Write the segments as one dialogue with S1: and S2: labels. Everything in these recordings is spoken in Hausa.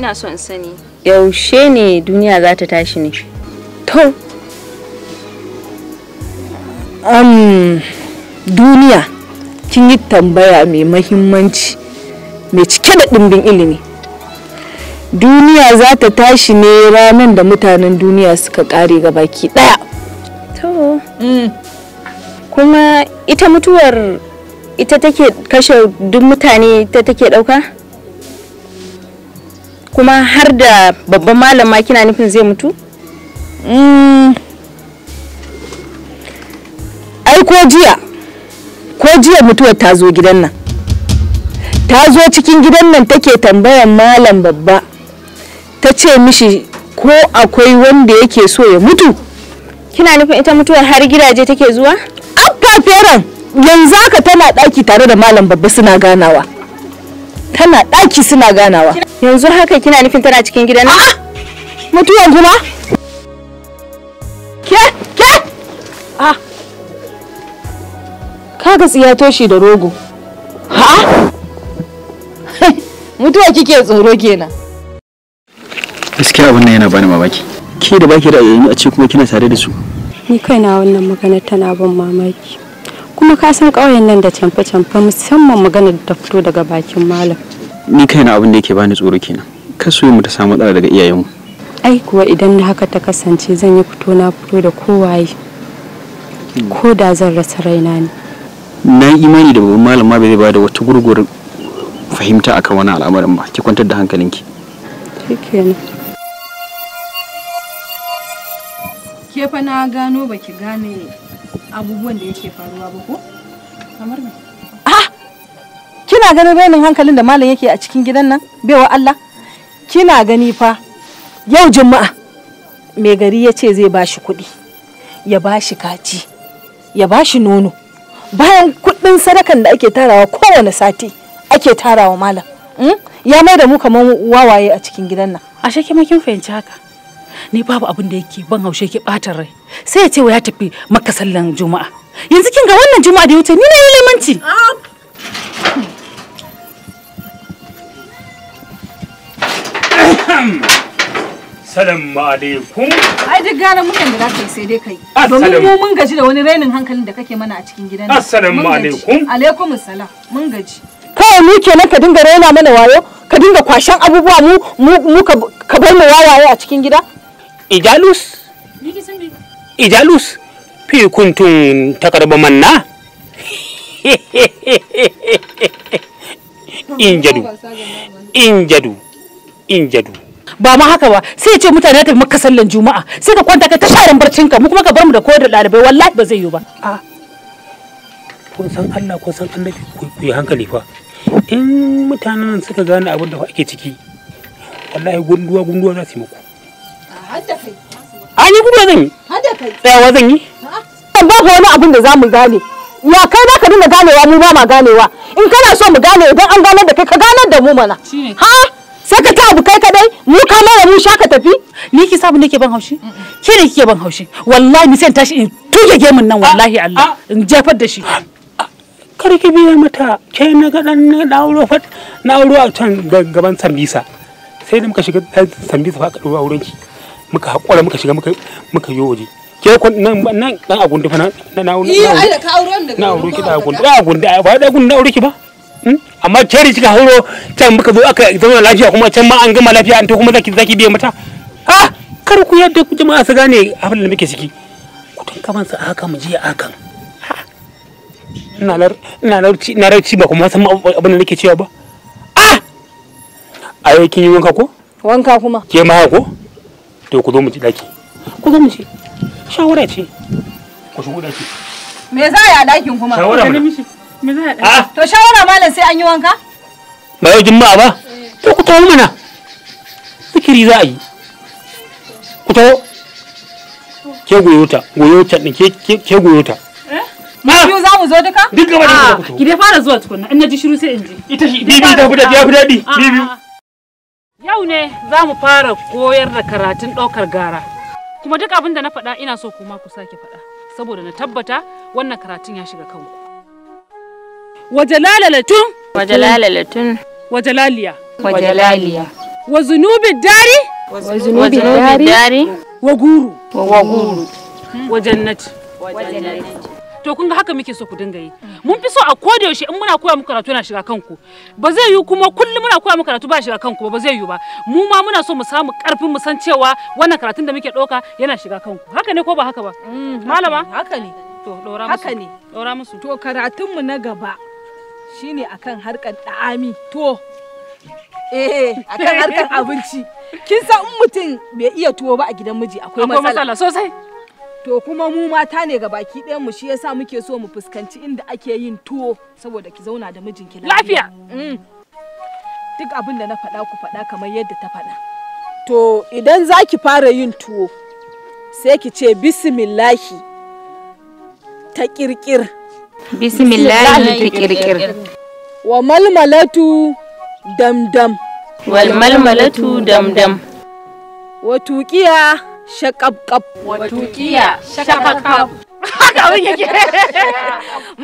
S1: Ina son sani. Yaushe ne duniya za ta tashi ne? To, um, duniya kin yi tambaya mai mahimmanci mai cike da ɗimbin ilimi. Duniya za ta tashi ne ranar da mutanen duniya suka ƙare baki ɗaya. To, mm. kuma ita mutuwar ita take kashe duk mutane ta take ɗauka? kuma har da babban malam ma kina nufin zai mutu? Mm. ai ko jiya ko jiya mutuwar ta zo gidan nan ta zo cikin gidan nan take tambayan malam babba ta ce mishi ko akwai wanda yake so ya mutu kina nufin ita mutuwar har gidaje take zuwa? abba feren yanzu haka tana ɗaki tare da malam babba suna ganawa tana ɗaki suna ganawa yanzu haka kina nufin tana cikin gidan nan yanzu kuma ke ke ah kaga tsiya toshi da rogo ha mutuwa kike tsoro kenan
S2: gaskiya abin nan yana bani mamaki ke da baki da ayyani a ce kuma kina tare da su
S1: ni kaina wannan maganar tana ban mamaki kuma ka san ƙauyen nan da canfa-canfa musamman magana da ta fito daga bakin malam
S2: ni kaina abin da yake bani tsoro kenan kaso mu ta samu matsala daga iyayenmu
S1: ai kuwa idan na haka ta kasance zan yi fito na fito da kowaye hmm. ko da zan rasa raina ne
S2: na yi imani da babban malam ma bai zai bada wata gurgur fahimta akan wani al'amarin ba ki kwantar da hankalinki
S1: shikenan ke fa na gano baki gane abubuwan da yake faruwa ba ko kamar me ah! kina ganin rainin hankalin da malam yake a cikin gidan nan baiwa Allah kina gani fa yau juma'a mai gari ya ce zai bashi kuɗi ya bashi kaci ya bashi nono bayan kuɗin sadakan da ake tarawa kowane sati ake tarawa malam hmm? ya mai da mu kamar wawaye a cikin gidan nan ashe kima kin fahimci haka ni babu abin da yake ban haushe ke ɓata rai sai ya ce wa ya tafi maka sallan juma'a yanzu kin ga wannan juma'a da ya wuce ni na yi limanci
S2: Salamu alaikum.
S1: Ai duk gara mutan da zaka yi sai dai kai. Domin mu mun gaji da wani rainin hankalin da kake mana a cikin gidan. Assalamu alaikum. Alaikum assalam. Mun gaji. Kawai mu kenan ka dinga raina mana wayo, ka dinga kwashen abubuwa mu mu ka bar mu wayaye a cikin gida. ijalus
S2: ijalus fi kuntun takarba manna injadu injadu injadu
S1: ba ma haka ba sai ce mutane ta maka sallan juma'a sai ka kwanta ka ta sharin barcin ka mu kuma ka bar mu da koyar da ɗalibai wallahi ba zai yi ba
S2: a kun san Allah ko san annabi ku yi hankali fa in mutanen suka gane abin da ake ciki wallahi gunduwa gunduwa za su yi muku Ani gudu zan yi.
S1: Tsayawa zan yi. Ba ga wani abin da za mu gane. Ya kai na ka dinga ganewa mu ba ma ganewa. In kana so mu gane idan an ganar da kai ka ganar da mu mana. Ha? Sai ka ta abu kai kadai mu ka mara mu sha ka tafi. Ni ki sabu nake ban haushi? Ke ne kike ban haushi? Wallahi ni sai tashi in tuge gemun nan wallahi ah, Allah ah. in jefar da shi. Ah, Kar ki biya
S2: mata kai na ga dan na dauro fat na auro a can gaban sambisa. Sai da muka shiga sambisa fa ka dauro aurenki. muka haƙura muka shiga muka yi waje ke kun nan nan dan a gundu fa na na na ni ai da ka
S1: aure da na aure ki da gundu da
S2: gundu ba da gundu na aure ki ba hmm? amma keri kika hauro can muka zo aka zama lafiya kuma can ma an gama lafiya an to kuma zaki zaki biye mata ha kar ku yadda ku jama'a su gane abin da muke ciki ku tun kaman sa aka mu je hakan ina lar ina larci ina ba kuma san abin da nake cewa ba ah ayo kin yi wanka ko
S1: wanka kuma
S2: ke ma ko to ku zo mu ci daki
S1: ku zo mu ci shawara ce ku shigo daki me za a yi a dakin kuma shawara me za a ah! to shawara malam sai an yi wanka
S2: ba yau juma'a ba to ku tawo mana zikiri za a yi ku tawo ke goyota goyota din ke ke goyota eh?
S1: Ma biyu za mu zo duka? Duk gaba da ku. Ah, ki dai fara zuwa tukunna. In na ji shiru sai in ji. Ita shi bibi ta fi daɗi ya fi daɗi. Ah, bibi. Yau ne za mu fara koyar da karatun ɗaukar gara. Kuma duk abin da na faɗa ina so kuma ku sake faɗa. Saboda na tabbata wannan karatun ya shiga kanku. Waje lalalatun. Waje lalalatun. Waje laliya. Waje laliya. Wa zunubi dari. Wa zunubi dari. Wa guru. Wa guru. Wa jannati. Wa jannati. to kun ga haka muke so ku dinga yi mun fi so a koda yaushe in muna koya muku karatu na shiga kanku ba zai yiwu kuma kullum muna koya muku karatu ba shiga kanku ba zai yiwu ba mu ma muna so mu samu karfin mu san cewa wannan karatun da muke doka yana shiga kanku haka ne ko ba haka ba mm, malama haka ne to dora musu haka ne dora musu to karatun mu na gaba shine akan harkar da'ami to eh akan harkar abinci kin san in mutum bai iya tuwo ba a gidan miji akwai matsala sosai to kuma mu mata ne ga baki ɗayan mu shi yasa muke so mu fuskanci inda ake yin tuwo saboda ki zauna da mijinki lafiya mm. duk abin da na faɗa ku faɗa kamar yadda ta faɗa to idan za ki fara yin tuwo sai ki ce bismillahi ta kirkir bismillahi ta kirkir wa malmalatu damdam wal malmalatu damdam wa tuƙiya shakabkab watukiya shakabkab haka abin yake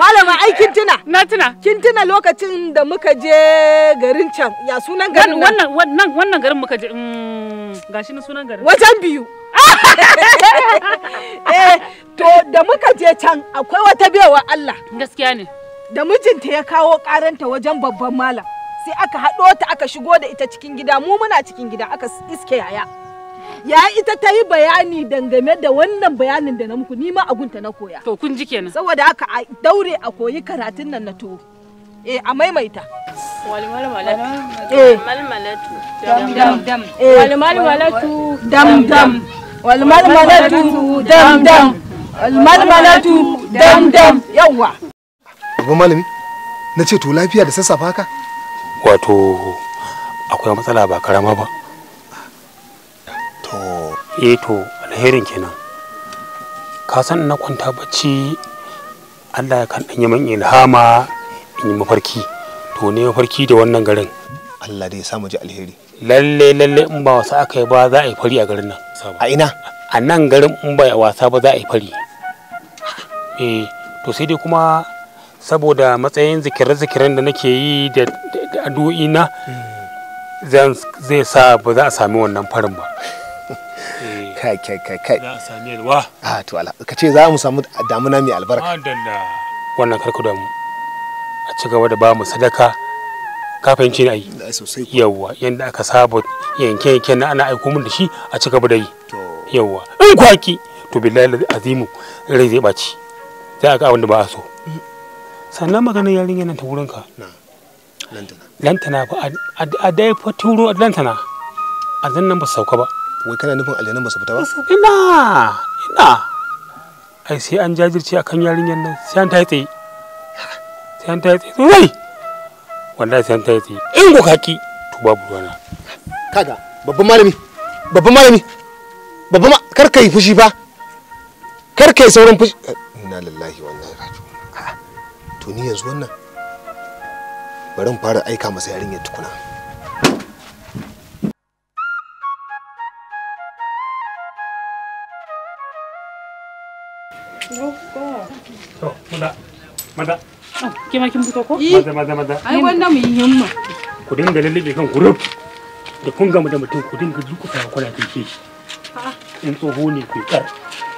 S1: malama ai kin tuna na tuna kin tuna lokacin da muka je garin can ya sunan garin wannan wannan wannan garin muka je mm, gashi na sunan garin wajen biyu eh to da muka je can akwai wata bewa Allah gaskiya ne da mijinta ya kawo karanta wajen babban malam sai aka haɗo ta aka shigo da ita cikin gida mu muna cikin gida aka iske yaya ya ita ta yi bayani dangane da wannan bayanin da na muku ni ma agunta na koya to kun ji kenan saboda haka a daure a koyi karatun nan na to eh a maimaita eh. walmalmalatu eh. dam dam walmalmalatu dam dam walmalmalatu dam dam yawa babban malami na
S2: ce to lafiya da sassafa haka wato akwai matsala ba karama ba e to alherin kenan ka san na kwanta bacci Allah ya kan danyi min ilhama in yi mafarki to ne mafarki da wannan garin Allah dai ya samu ji alheri lalle lalle in ba wasa aka yi ba za a yi fari a garin nan a ina a nan garin in ba wasa ba za a yi fari eh to sai dai kuma saboda matsayin zikirar-zikirar da nake yi da na hmm. zai sa ba za a sami wannan farin ba Eh. kai kai kai kai za a sami yalwa a ah, ka ce za mu samu damuna mai albarka madalla wannan karku da mu a ci gaba da ba mu sadaka kafin cin ayi yawwa yanda aka saba yanke yanke na ana aiko mun da shi a ci gaba da yi yawwa in kwaki to billahi azimu rai zai baci za a ga abin da ba a so mm. sannan maganin yarin nan ta wurinka lantana ba a dai turo turo lantana a zan nan ba sauka ba wai kana nufin aljanan ba su fita ba ina ina ai sai an jajirce akan yarinyar nan sai an tayi tsaye sai an tayi tsaye wai wallahi sai an tayi tsaye in ko kaki to babu ruwana kaga babban malami babban malami babban ma kar kai fushi fa kar kai sauran fushi inna lillahi wa inna ilaihi raji'un to ni yanzu wannan bari in fara aika masa yarinyar tukuna
S1: To, mada. Mada. Ke ma kin fito ko?
S2: Ai
S1: wanda mu yi himma.
S2: Ku dinga kan guruf. Da kun gama da mutum ku dinga fara kuna gaishe shi. In tsoho ne ku kar.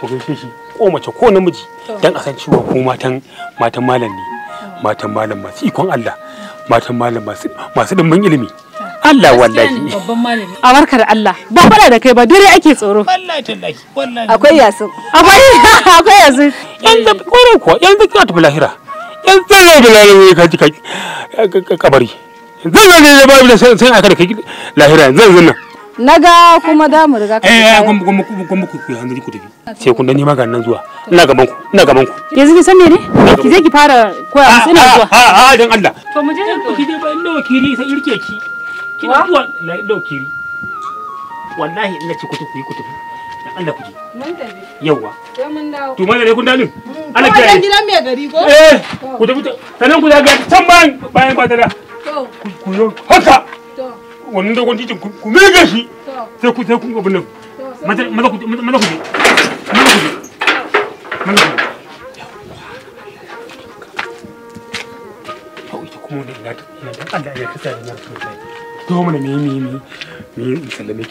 S2: Ku gaishe shi ko mace ko namiji dan a san cewa ko matan matan malam ne. Matan malam masu ikon Allah. Matan malam masu masu dimbin ilimi. Allah wallahi
S1: a barka Allah ba fada da kai
S2: ba dare ake tsoro
S1: wallahi tallahi wallahi akwai yasu akwai
S2: akwai yasu yanzu kore ko yanzu kina tafi lahira yanzu zai da ne ka ji kabari zan zan ne ba da sai aka da kai lahira zan zan
S1: na ga kuma da mu riga ka eh
S2: kuma kuma kuma ku ku hanzari ku tafi sai kun dani maganin nan zuwa ina gaban ku ina gaban ku
S1: ke zuki san me ne ki je ki fara
S2: koya musu ina ah, zuwa ha ah, ah, ha dan Allah to mu je ku ki dai ba inda wakili sai irke ki kina zuwa lai dauki wallahi ina ci kutu kuyi kutu dan Allah ku mun tafi yawa
S1: sai mun dawo to ne kun dalin Allah ya yi gidan mai gari ko eh ku tafi
S2: ku zaga can bayan bayan badara to ku yo haka to wannan ku shi sai ku sai kun abin nan maza maza ku maza ku je maza ku je maza ku je
S1: kuma ta Allah ya da na zo mana me me me me sallame